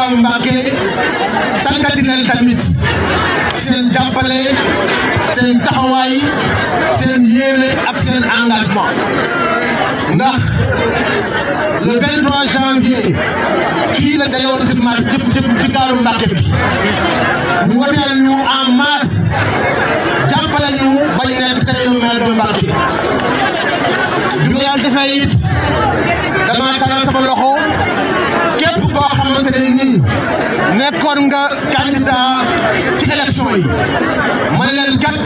waaw Mbàkke sakkati leen tamit seen jàppale seen taxawaay seen yéene ak seen engagement ndax le 23 janvier fii la dayoon ci marché jëpp jëpp ci gaaru Mbàkke bi ñu woteel ñu en masse jàppale ñu ba ñu nekk tey le maire de Mbàkke bi yàlla defee it d'accord nga candidat ci élection yi ma ne leen kat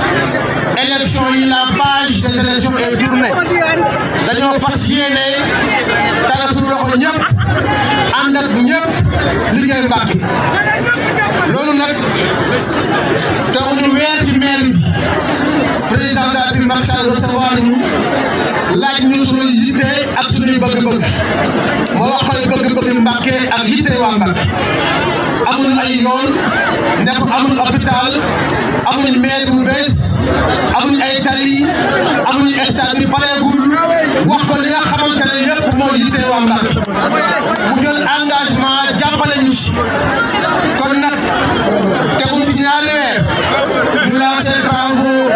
élection yi la page des élections est tournée dañoo fas yéene talatu loxo ñëpp ànd ak ñëpp liggéey Mbàkke loolu nag toog ñu weer ci mairie bi président de la République Macky Sall recevoir ñu laaj ñu suñuy yitte ak suñuy bëgg-bëgg moo waxal bëgg-bëgg Mbàkke ak yitte waa Mbàkke amuñ ay yoon nekk amuñ hôpital amuñ maire bu bees amuñ ay tali amuñ stade bi pareegul wax ko li nga xamante ne yëpp mooy yitte waa Mbacké mu jël engagement jàppale ñu ci kon nag tegu ci ñaari weer ñu lancé travaux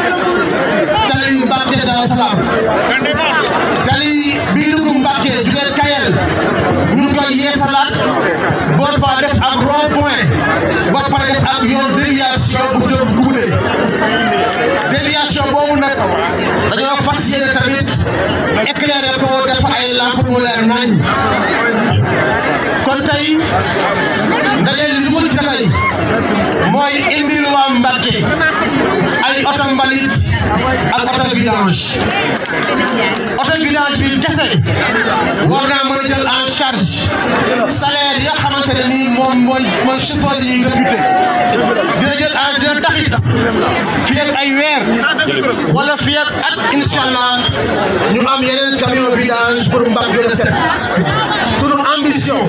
tali Mbacké Daaru Salaam def ab yoon déviation bu jëm guddee déviation boobu nag dañoo fas yéene tamit éclairé ko def ay lamp mu leer nañ kon tey ndaje li mooy indil ay oto mbalit ak oto vidange oto vidange bi kese charge salaire ya xamante ne nii moom mooy mooy chauffeur yi recruté dina jël en dina tax it fii ak ay weer wala fii ak at incha allah ñu am yeneen camion vidange pour Mbacké gën a set sunu ambition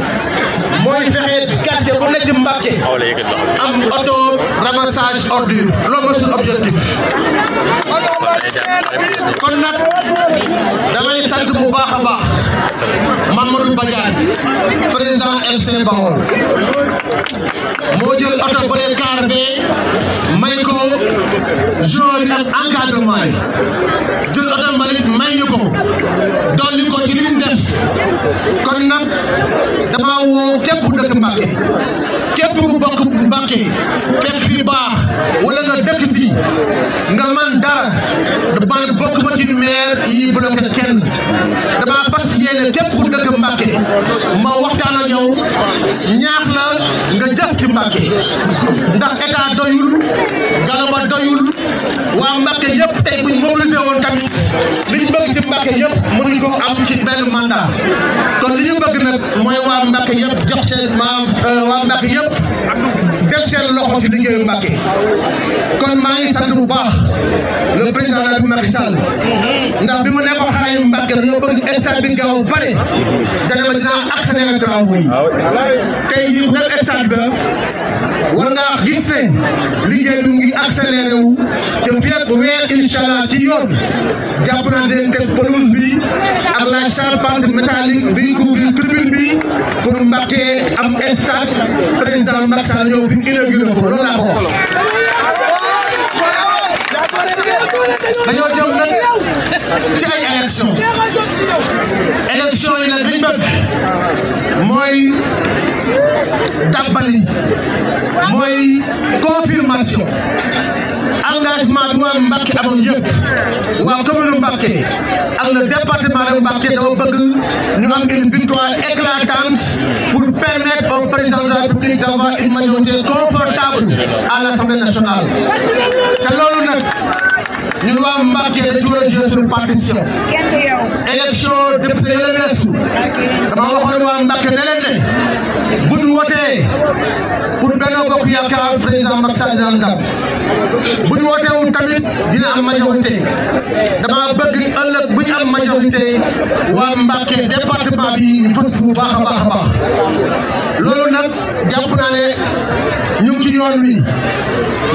mooy fexe quartier bu nekk Mbacké am auto ramassage ordure loolu mooy suñu objectif kon nag damay sant bu baax a baax Mamadou Badiane lycée Bawol moo jël oto ba leen kaar bee may ko joueur yi ak encadrement yi jël oto mbalit may ñu ko dolli ko ci li ñu def kon nag dama woo képp ku dëkk Mbàkke képp ku bokk Mbàkke fekk fi baax wala nga dëkk fi nga man dara man bokk ma ci maire yi bloqué kenn dama fas yéene képp ku dëkk Mbàkke ma waxtaan ak yow ñaax la nga jëf ci Mbàkke ndax état doyul Galaba doyul waa Mbàkke yëpp tey buñ mobilisé woon tamit liñ bëgg ci Mbàkke yëpp mënuñ ko am ci benn mandat kon li ñu bëgg nag mooy waa Mbàkke yëpp jox seen maam euh, waa Mbàkke yëpp def seen loxo ci liggéeyu Mbàkke kon maa ngi sant bu baax le président la Macky ndax bi mu ne ko xale yu Mbàkke dañoo bëgg stade bi gaaw pare dana ma dinaa accélérer travaux yi tey jii nag stade ba war ngaa gis ne liggéey bi mu ngi accéléré wu te fekk weer incha allah ci yoon jàpp naa ne teg pelouse bi ak la charpente métallique bi couvrir tribune bi pour Mbàkke am stade président Macky Sall ñëw fi inauguré ko loolu laa ko dañoo jëm nag ci ay élection élection mooy dàbbali mooy confirmation engagement bu waa Mbacké amoon yëpp waa commune Mbacké ak le département de bëgg ñu am une victoire éclatante pour permettre au président de la République d'avoir une confortable à l'Assemblée nationale te ñu waa Mbacké dañu war a jouer suñu partition. élection député yële weesu dama waxoon waa Mbacké ne leen ne bu ñu wootee pour Benno Bokk Yaakaar président Macky Sall dina am ndam wu tamit dina am majorité dama bëgg ëllëg bu ñu am majorité waa Mbacké événement bi ñu fës bu baax a baax a baax loolu jàpp naa ne ñu ngi ci yoon wi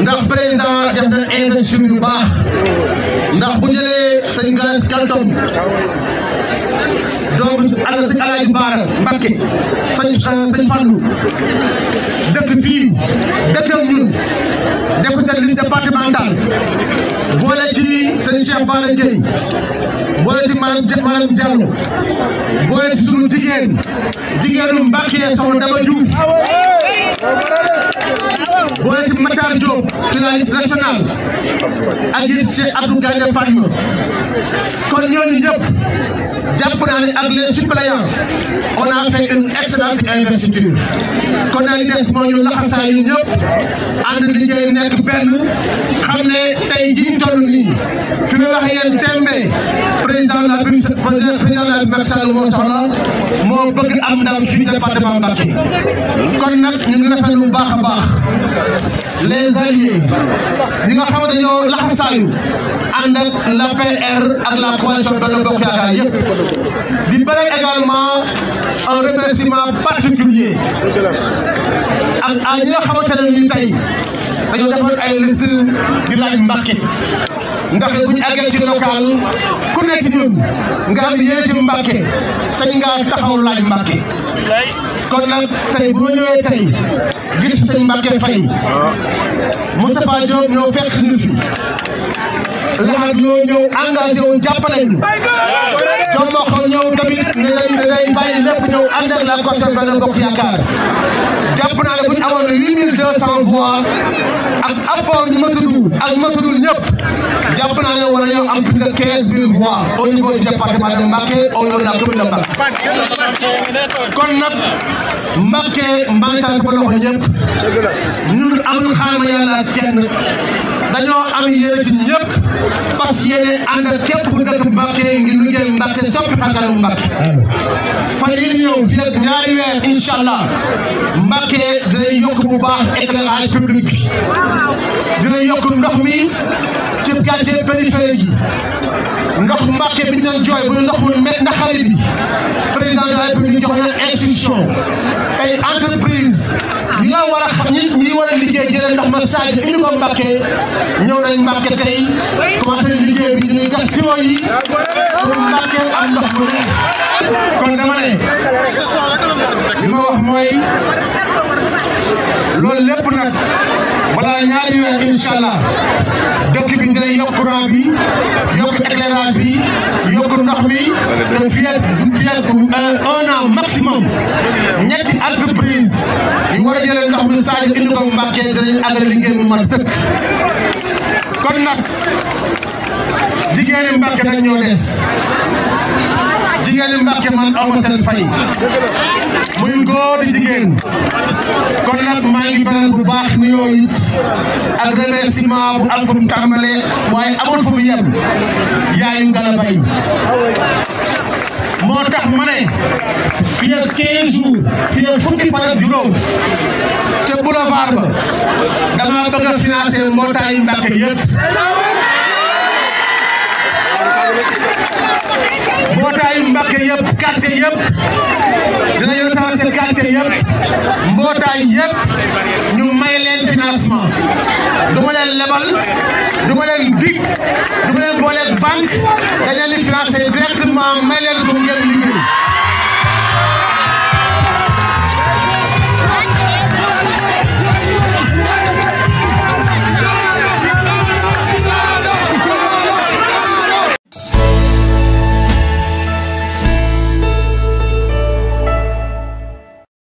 ndax président def bu baax ndax bu jëlee sëñ Galas Kaltom doomu si àll si Alaaji Baara Mbakke sëñ sëñ Fallou dëkk fii dëkkam ñun député liste départemental boole ci sëñ Cheikh Bara Ndiaye boole ci maanaam maanaam Diallo boole ci sunu jigéen jigéenu Mbakke Soxna Daba Diouf ministre Matar Diop de la liste nationale ak it Cheikh Abdou Gaye Fatma kon ñooñu ñëpp jàpp naa ne ak les suppléants on a fait une excellente investiture kon nag des moo ñu laxasaa yu ñëpp ànd liggéey nekk benn xam ne tey jii ñu toll nii fi mu wax yéen tembe président de la président de la Macky Sall moo soxla moo bëgg am ndam suñu département Mbacké kon nag ñu ngi rafetlu bu baax a baax les alliés ñi nga xam ne dañoo laxasaayu ànd ak la PR ak la coalition Benno Bokk Yaakaar yëpp di bëri également un remerciement particulier ak ak ñi nga xamante ne nii tey dañoo defoon ay liste di laaj Mbàkke ndax bu ñu àggee ci local ku nekk ci ñun nga am yéene ci Mbàkke sañ nga taxaw laaj Mbàkke kon nag tey bu ma ñëwee tey ma si ma Mbacke mu Moustapha Diop ñoo fekk suñu fi laaj ñoo ñëw engagé woon jàpp nañu jomba ko ñëw tamit ne lay ne lay bàyyi lépp ñëw ànd ak la de huit mille deux cent voix ak apport ñi ma tudd ak ñi ma tuddul ñëpp jàpp naa ne war nañoo am plus de quinze mille voix au niveau du département de Mbacké au niveau de la commune de Mbacké kon nag Mbacké mbàntaan sama loxo ñëpp ñun amul xaarma yàlla kenn dañoo am yéene ci ñëpp parce que yéene ànd ak képp ku dëkk Mbacké ngir liggéey Mbacké soppi xarkanamu Mbacké fan yii ñëw fii ak ñaari weer incha allah Mbacké day yokk bu baax éclairage public bi dina yokk ndox mi ci quartier périphérique yi ndox Mbàkke bi ñu doon jooy met na xale bi président de la république jox na institution ay entreprise yi nga war a xam ñi ñi war a liggéey jëlee ndox ma Sadio indi ko Mbàkke ñëw nañ Mbàkke tey bi ñuy gas tiwo yi pour Mbàkke am ndox mu ne kon dama ne li ma wax mooy loolu lépp nag balaa incha allah dëkk bi dina yokk courant bi yokk éclairage bi yokk ndox mi te fii ak fii ak euh, un an maximum ñetti entreprise yu war a jëlee ndox mi Sadio indi ko Mbàkke danañ àggali liggéey bu mat sëkk kon nag. jigéeni Mbàkke nag ñoo des jigéeni Mbàkke man awma seen fay muy góor di jigéen kon bu baax ni yooyu ak remerciement bu am fu mu tàmbalee waaye amul fu mu yem yaayu moo tax ma ne fii ak 15 fukki fan ak juróom te boulevard ba damaa bëgg a financer mbootaayu Mbàkke yëpp mbootaayu Mbàkke yëpp quartier yëpp dina yor sama seen quartier yëpp mbootaay yëpp ñu may leen financement du ma leen lebal du ma leen dig du ma leen booleeg banque dañ leen di financer directement may leen ko ngeen liggéey